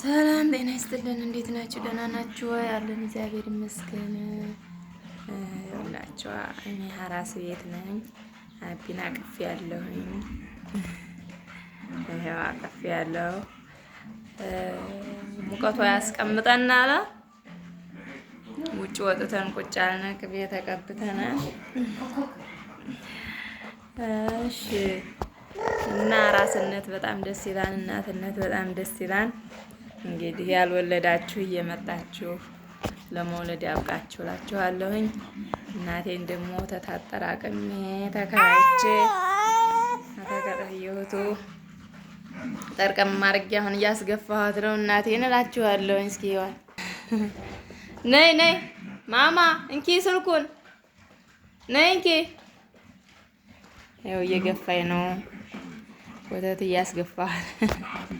ሰላም ጤና ይስጥልን። እንዴት ናችሁ? ደህና ናችሁ? ያለን እግዚአብሔር ይመስገን። ሁላችኋ እኔ ሀራስ ቤት ነኝ። አቢና አቅፍ ያለሁኝ ይሄው አቅፍ ያለው ሙቀቷ ያስቀምጠናል። ውጭ ወጥተን ቁጭ አልን። ቅቤ ተቀብተናል። እሺ እና ራስነት በጣም ደስ ይላል። እናትነት በጣም ደስ ይላል። እንግዲህ ያልወለዳችሁ እየመጣችሁ ለመውለድ ያብቃችሁ እላችኋለሁኝ። እናቴን ደግሞ ተታጠራቅሜ ተከራይቼ ተከራየሁቱ ጠርቀም ማድረግ አሁን እያስገፋኋት ነው እናቴን እላችኋለሁኝ። እስኪ ይዋል ነይ ነይ ማማ እንኪ ስልኩን ነይ እንኪ ያው እየገፋኝ ነው። ወተት እያስገፋል።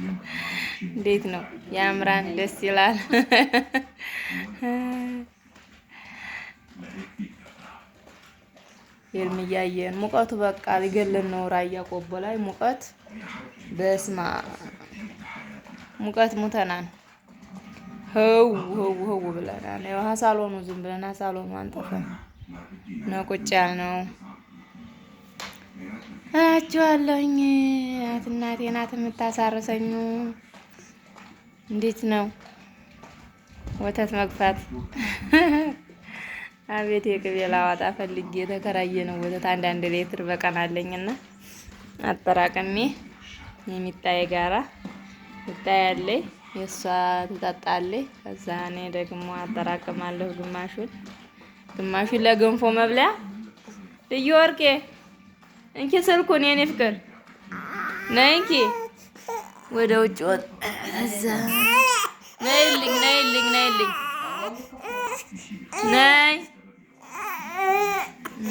እንዴት ነው? ያምራን፣ ደስ ይላል። ፊልም እያየን ሙቀቱ በቃ ሊገለን ነው። ራያ ቆቦ ላይ ሙቀት በስማ ሙቀት ሙተናን ህው ህው ህው ብለናል። ያው ሀሳሎኑ ዝም ብለን ሳሎኑ አንጠፈን ነው ቁጭ ያልነው። እላችኋለሁኝ። እናቴ ናት የምታሳርሰኝ። እንዴት ነው ወተት መግፋት? አቤት የቅቤ ላዋጣ ፈልጌ የተከራየ ነው ወተት አንዳንድ ሌትር በቀን አለኝና አጠራቅሜ የሚጣዬ ጋራ ትጣያለይ የእሷ ትጠጣለይ። ከዛ እኔ ደግሞ አጠራቅማለሁ ግማሹን ግማሹን ለገንፎ መብለያ ልዩ ወርቄ እንኪ ስልኩን የኔ ፍቅር ነይ እንኪ። ወደ ውጭ ወጥ እዛ ነይልኝ፣ ነይልኝ፣ ነይልኝ፣ ነይ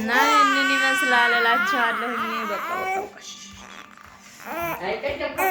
እና ይህንን ይመስላል እላችኋለሁ። በቃ በቃ